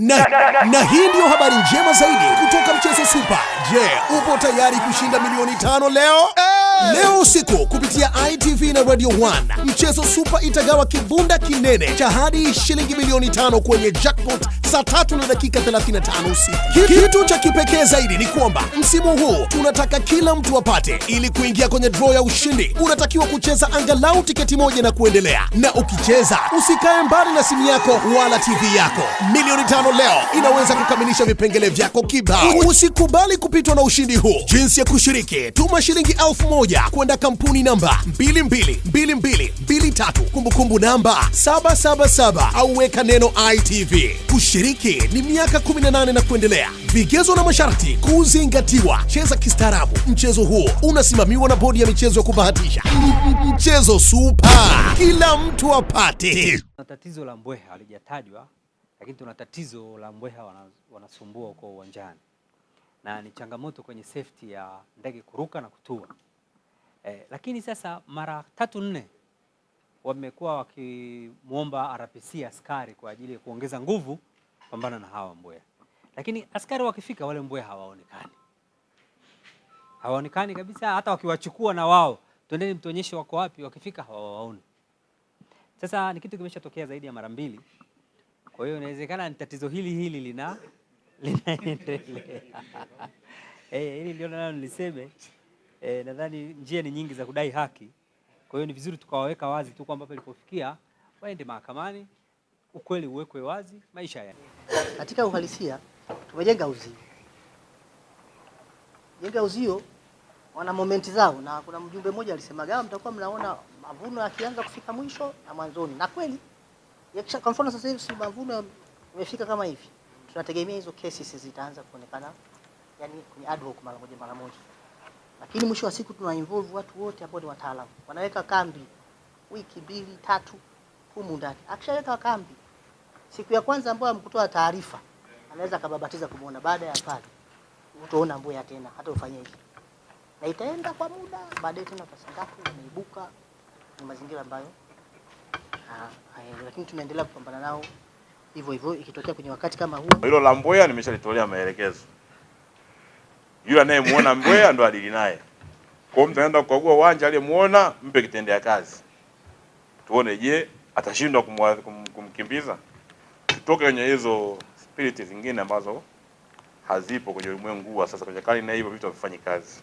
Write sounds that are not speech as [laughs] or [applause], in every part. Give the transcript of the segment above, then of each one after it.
na, na hii ndiyo habari njema zaidi kutoka mchezo Super. Je, upo tayari kushinda milioni tano leo? Leo usiku kupitia ITV na Radio 1 mchezo Super itagawa kibunda kinene cha hadi shilingi milioni tano kwenye jackpot saa tatu na dakika 35 usiku. Kitu cha kipekee zaidi ni kwamba msimu huu tunataka kila mtu apate. Ili kuingia kwenye draw ya ushindi, unatakiwa kucheza angalau tiketi moja na kuendelea, na ukicheza usikae mbali na simu yako wala TV yako. Milioni tano leo inaweza kukamilisha vipengele vyako kibao. Usikubali kupitwa na ushindi huu. Jinsi ya kushiriki: tuma shilingi elfu moja kwenda kampuni namba 2222 tatu, kumbukumbu namba 777 au weka neno ITV. Kushiriki ni miaka 18 na kuendelea. Vigezo na masharti kuzingatiwa. Cheza kistaarabu. Mchezo huo unasimamiwa na bodi ya michezo ya kubahatisha. Mchezo super, kila mtu apate. Na tatizo la mbweha halijatajwa, lakini tuna tatizo la mbweha wanasumbua huko uwanjani na ni changamoto kwenye safety ya ndege kuruka na kutua. Eh, lakini sasa mara tatu nne wamekuwa wakimwomba RPC askari kwa ajili ya kuongeza nguvu kupambana na hawa mbweha, lakini askari wakifika wale mbweha hawaonekani, hawaonekani kabisa. Hata wakiwachukua na wao, twendeni mtuonyeshe wako wapi, wakifika hawawaoni. Sasa ni kitu kimeshatokea zaidi ya mara mbili, kwa hiyo inawezekana ni tatizo hili hili lina linaendelea. [laughs] Eh, ili ndio nalo niliseme. Eh, nadhani njia ni nyingi za kudai haki. Kwa hiyo ni vizuri tukawaweka wazi tu kwamba palipofikia waende mahakamani, ukweli uwekwe wazi, maisha ya katika uhalisia. Tumejenga uzio, jenga uzio, wana momenti zao, na kuna mjumbe mmoja alisemaga ah, mtakuwa mnaona mavuno yakianza kufika mwisho na mwanzoni, na kweli yakisha. Kwa mfano sasa hivi si mavuno yamefika kama hivi, tunategemea hizo kesi zitaanza kuonekana, yani kwenye ad hoc, mara moja mara moja. Lakini mwisho wa siku tuna involve watu wote ambao ni wataalamu, wanaweka kambi wiki mbili tatu humu ndani. Akishaweka kambi, siku ya kwanza ambayo amkutoa taarifa, anaweza akababatiza kumuona. Baada ya pale utaona mbuya tena, hata ufanye hivi na itaenda kwa muda, baadaye tena pasangapi umeibuka. Ni mazingira ambayo ah, lakini tunaendelea kupambana nao hivyo hivyo, ikitokea kwenye wakati kama huu. Hilo la Mboya nimeshalitolea maelekezo yule anayemuona mbweha ndo adili naye. Kwa hiyo mtaenda kukagua uwanja, aliyemuona mpe kitendea kazi, tuone, je atashindwa kum, kumkimbiza. Tutoke kwenye hizo spiriti zingine ambazo hazipo kwenye ulimwengu wa sasa, kwenye na hivyo vitu havifanyi kazi.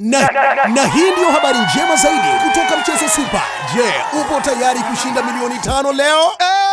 Na, na hii ndiyo habari njema zaidi kutoka mchezo Super. Je, upo tayari kushinda milioni tano leo?